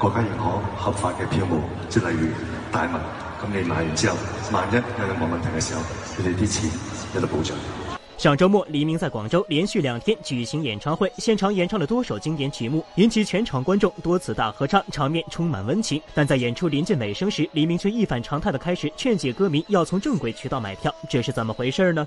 國家認可合法嘅票務，即例如大麥，咁你買完之後，萬一有冇問題嘅時候，你哋啲錢有得保障。上週末，黎明在廣州連續兩天舉行演唱會，現場演唱了多首經典曲目，引起全場觀眾多次大合唱，場面充滿溫情。但在演出臨近尾聲時，黎明卻一反常態的開始勸解歌迷要從正規渠道買票，這是怎麼回事呢？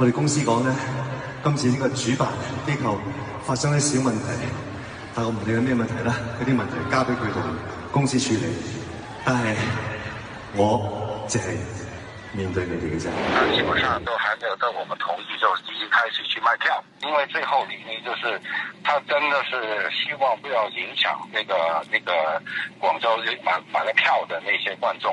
我哋公司講咧，今次呢個主辦機構發生啲小問題，但我唔理有咩問題啦，嗰啲問題交俾佢同公司處理。但係我就係面對你哋嘅啫。他基本上都還沒有得我們同意，就已經開始去賣票。因為最後，你呢就是，他真的是希望不要影響那個那個廣州買買了票的那些觀眾。